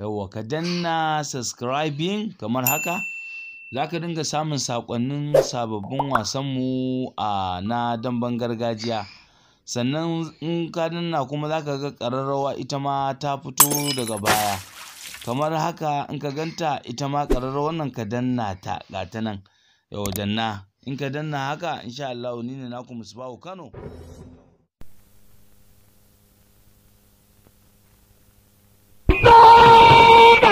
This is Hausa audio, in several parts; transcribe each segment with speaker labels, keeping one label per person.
Speaker 1: yawwa ka danna subscribing kamar haka za ka dinga samun sakonnin sababbin wasanmu a na damban gargajiya sannan in ka danna kuma za ka ga ƙararrawa ita ma ta fito daga baya kamar haka in ka ganta ita ma ƙararrawar nan ka danna ta ga ta nan yau danna in ka danna haka insha Allah ni ne naku Musbahu Kano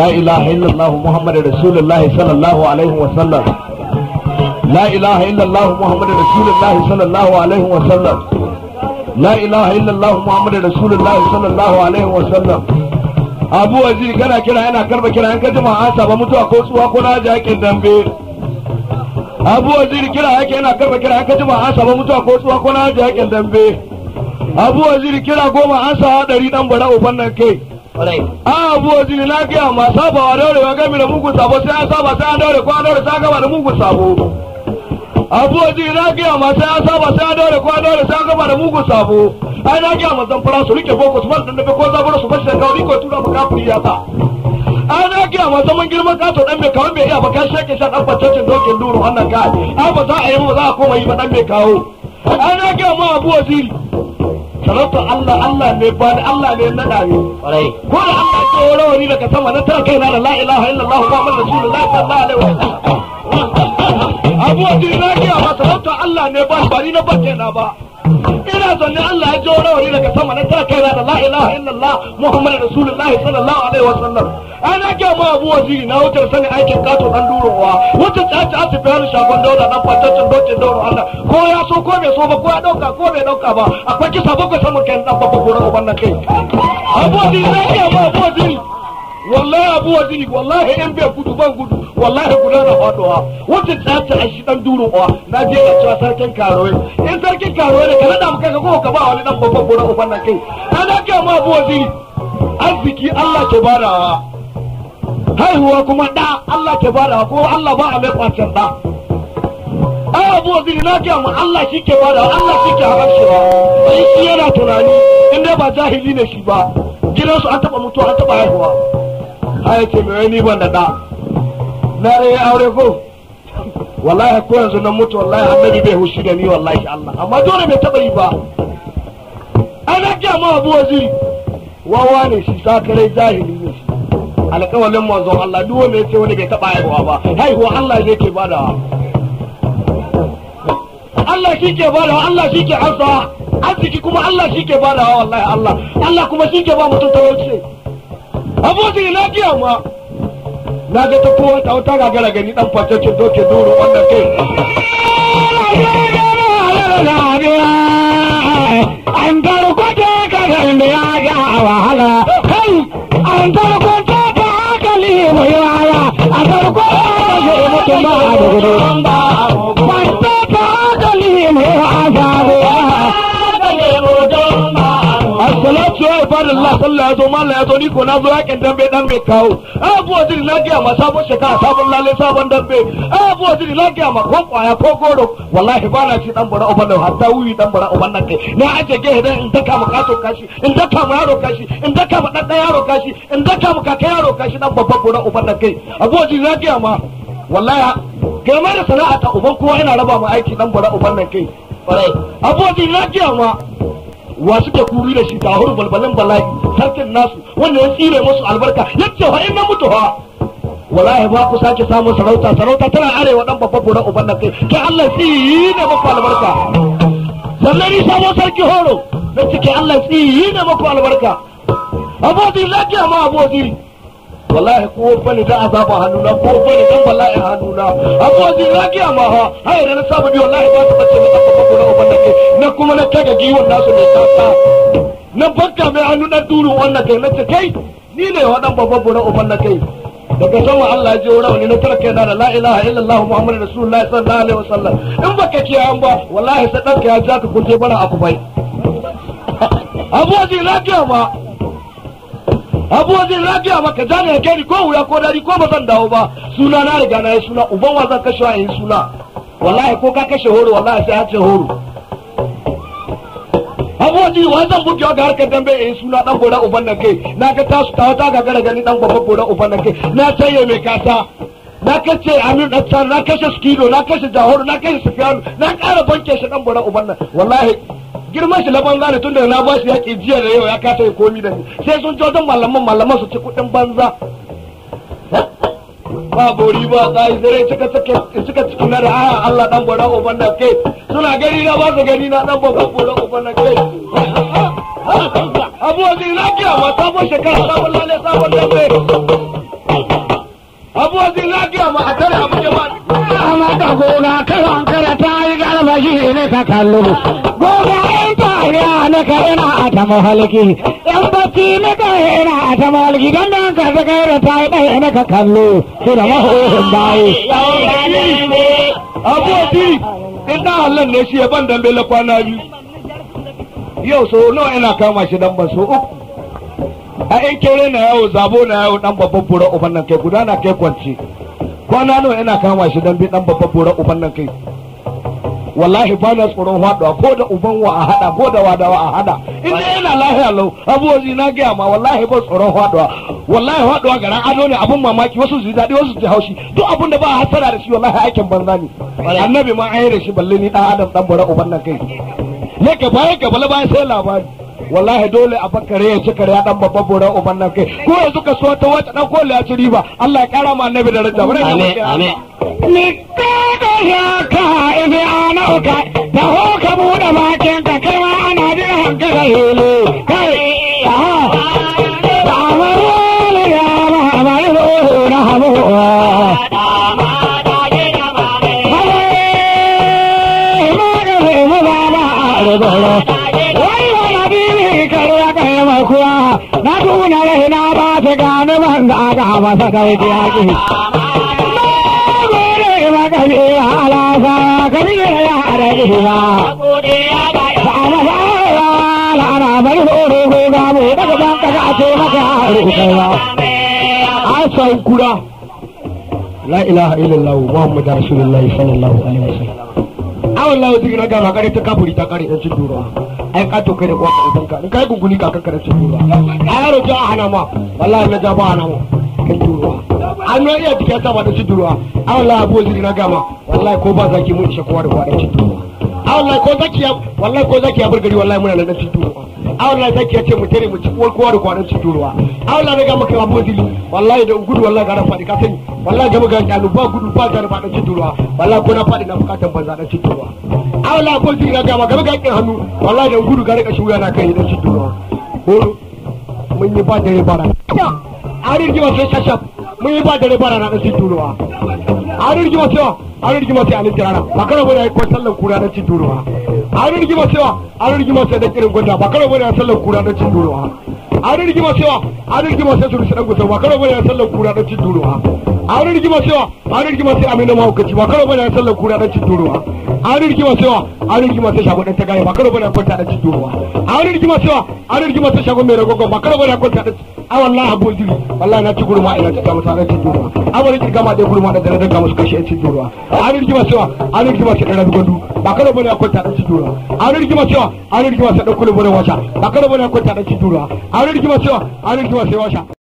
Speaker 1: لا إله إلا الله محمد رسول الله صلى الله عليه وسلم لا إله إلا الله محمد رسول الله صلى الله عليه وسلم لا إله إلا الله محمد رسول الله صلى الله عليه وسلم abu waziri kana kira yana karba kira yanka jama'a saba mutuwa ko tsuwa ko na jakin dambe abu waziri kira yake yana karba kira yanka jama'a saba mutuwa ko tsuwa ko na jakin dambe abu waziri kira goma an ɗari bara uban kai a abuwa jini lafiya ma sabawa daurewa gami da mugun sabo sai an saba sai an daure ko an daure sai an gaba da mugun sabo abuwa jini lafiya ma sai an saba sai an daure ko an daure sai an gaba da mugun sabo ai na gaya ma zamfara su rike boko su bar dandabe ko zabura su bashi da kauri ko tura mu kafiri ya ta ai na gaya ma zaman girman kato dan bai kawo bai iya bakan kan shake shan dan baccacin dokin duru wannan ka ai ba za a yi ba za a koma yi ba dan bai kawo ai na gaya ma abuwa jini sarauta Allah Allah ne ba ni Allah ne na dami ko da Allah ke wani daga sama na tara kaina da la ilaha illallah muhammadu rasulullahi sallallahu alaihi wasallam abuwa din na ba sarauta Allah ne ba ni na ni na ba ina zanne Allah ya jawo rawani daga sama na taka kaina da la ilaha illallah muhammadu rasulullahi sallallahu alaihi wasallam ana ga ma abu waziri na wutar sani aikin kato dan durowa wutar ta ta ta bayar shagon dauda dan fataccen dokin daura Allah ko ya so ko bai so ba ko ya dauka ko bai dauka ba akwai kisa bakwai samun kai dan babba gurin uban nan kai
Speaker 2: abu waziri na ga ma abu waziri
Speaker 1: wallahi abu waziri wallahi yan bai gudu ban gudu wallahi kula na fadowa wata ta a shi dan duro kuwa na je na cewa sarkin karawai in sarkin karawai da ka nada maka ka kuma ka ba wani dan babban gona ufan nan kai ta da ke mu abu waziri arziki Allah ke bada wa haihuwa kuma da Allah ke bada wa ko Allah ba a mai kwacin da ai abu waziri na ke mu Allah shi ke badawa Allah shi ke harshewa sai shi yana tunani in dai ba jahili ne shi ba gidansu an taba mutuwa an taba haihuwa a yake mai ni ban da da na rai aure ko wallahi ko yanzu na mutu wallahi annabi bai hushi da ni wallahi Allah amma dole bai taba yi ba ana ga ma abu waziri wawa ne shi sakarai jahili ne shi alƙawalin manzon Allah duk wanda yace wani bai taba haihuwa ba haihuwa Allah yake badawa Allah shi ke badawa Allah shi ke hasa arziki kuma Allah shi ke badawa wallahi Allah Allah kuma shi ke ba mutum talauci abokin lafiya ma na ga ta kowa ta wata gagara gani dan fatacin doke duro wannan kai
Speaker 2: an tarkwata kasan da ya ga wahala kai an tarkwata ta hankali mai waya a tarkwata da ya mutum ba a da gudu
Speaker 1: subhanallah sallah ya zo mallam ya zo ni ko na zo yakin dambe dan bai kawo a abu waziri na giya ma sabon shekara sabon lalle sabon dambe a abu waziri na giya ma ko kwaya ko goro wallahi ba na ci dan bara uban nan hatta wuyi dan bara uban nan kai na aje ge dan in daka mu kato kashi in daka mu yaro kashi in daka mu dan yaro kashi in daka mu kaka yaro kashi dan babban gora uban nan kai abu waziri na giya ma wallahi game da sana'a ta uban kowa ina raba mu aiki dan bara uban nan kai abu waziri na giya ma wa suke kuri da shi ga huru balbalan bala'i sarkin nasu wanda ya tsire musu albarka yace wa in na mutu ha wallahi ba ku sake samun sarauta sarauta tana arewa dan babba goran uban nan kai ke Allah tsiyi ne muku albarka sannan ni samu sarki horo na ke Allah tsiyi ne muku albarka abodi lafiya ma abodi wallahi ko bane da azaba hannuna ko bane dan wallahi hannuna amma ji raki amma ha hai da na saba bi wallahi ba ta bace na ko ko na ubanna ke na kuma na kaga giwon nasu ne ta. na banka mai hannuna duru wannan kai na ce kai ni ne babu babban uban na kai daga sama Allah ya ji rauni na tarke na da la ilaha illallah muhammadu rasulullahi sallallahu alaihi wasallam in baka an ba wallahi sai danka ya ja ka kunje bara bai abuwa ji lafiya ba abubuwan na gaya maka za ya kai ko wuya ko dari ko ba zan dawo ba suna na riga na yi suna uban wa zan kashe yin suna wallahi ko ka kashe horo wallahi sai ce horo abubuwan ji wa zan buke ga harkar dambe yin e suna dan gora uban nan kai na ga tasu ta wata gagara gani dan gora gora uban nan kai na taye mai kasa na kace amin dan na kashe skido na kashe jahoro na kashe sufiyanu na kara banke shi dan gora uban nan wallahi girman shi laban zane tun daga na ba shi yaƙi jiya da yau ya kasa ya komi da ni sai sun ci wajen malaman malaman su ci kuɗin banza ba bori ba tsayi zare cika cika cikin na da a ah, Allah dan gora uban da kai suna gani na ba su gani na dan gora uban da kai abu aziz na kira ma sabon shekara sabon lalle sabon lalle abu aziz na kira ma a tare abu jama'a
Speaker 2: Ama da gona karan kara ta yi garba shi ne ka kallo gona ya nika ina a ta mahalki yan bacci nika ina
Speaker 1: a ta don nan ka ɗaya kallo hallan ne shi ban dambe kwana biyu. Yau so nawa ina kama shi dan ba so uku. A in kere na yau, zabo na yau, dan babban bura uban nan kai guda na kai kwance. Kwana nawa kama shi dambe dan babban uban nan kai. wallahi ba na tsoron haɗuwa ko da uban wa a haɗa ko da wadawa a haɗa in dai yana lahiya lau abubuwan na gaya ma wallahi ba tsoron haɗuwa wallahi haɗuwa gara ado ne abin mamaki wasu zi daɗi wasu zi haushi duk abin da ba a hasara da shi wallahi aikin banza ne annabi ma an yi da shi balle ni ɗan adam ɗan bara uban nan kai ne ka baya ka bala baya sai labari wallahi dole a bakare ya ci kare ya dan babban bora uban nan kai ko yanzu ka so ta wata dan kole ya ci riba Allah ya kara ma annabi da rajja bare amin amin ni ka da ya ka ibi ana da ho ka buɗe
Speaker 2: bakin ka kai ma ana jin hankali hele kai ya da mare ya ma mare na hamu ya gane man da masa kai da yaki ba gode ya ga ana ba la ana bar horo a
Speaker 1: ce a san kura la ilaha illallah muhammadur rasulullahi sallallahu alaihi wasallam awallahu digna ga magare ta kaburi ta kare in ci duro ai kato kai da uwan ka uban ka in kai gunguni kakan ka da sai ruwa a yaro ja a hana ma wallahi na ja ba hana ma kai ruwa an na iya tike ta ba da su ruwa a wallahi abu zai na gama wallahi ko ba zaki mun ishe kowa da kowa da su ruwa a wallahi ko zaki ya wallahi ko zaki ya burgari wallahi muna nan da su ruwa a wallahi zaki ya ce mu tare mu ci uwar kowa da kowa da ruwa a wallahi na gama kai abu zai wallahi da gudu wallahi ga rafa ka sani wallahi jama ga kyalu ba gudu ba da ba da turuwa wallahi ko na fadi na bukatan banza da turuwa Allah ko ji ga ma gaba ga kin hannu wallahi da gudu ga rika shi wuya na kai da turuwa ko mun yi ba dare bara arir jima sai shashab mun yi ba dare bara na da turuwa arir ji sai arir jima sai alin jirana ba kana bane ko sallan kura da turuwa arir ji sai arir jima sai da kirin gonda ba kana wani sallan kura da turuwa awon rigima sewa awon rigima sai suru sadan gusa ba karo bane a sallan kura dan cin turo ha awon rigima sewa awon rigima sai amina ma hukaci ba karo bane a sallan kura dan cin turo ha awon rigima sewa awon rigima sai shago dan tagaye ba karo bane a kwanta dan cin turo ha awon rigima sewa awon rigima sai shago mai ragogo ba karo bane ya kwanta dan a wallahi abun jiri wallahi na ci gurma ina ci ta mutane cin turo ha awon rigima dai gurma da dare da ga musu kashe cin turo ha awon rigima sewa awon rigima sai dan ragogo ba kada bane akwai tadan ci dura an rigima cewa an rigima sai dan kulubure washa ba kada bane akwai tadan ci dura an rigima cewa an rigima
Speaker 2: sai washa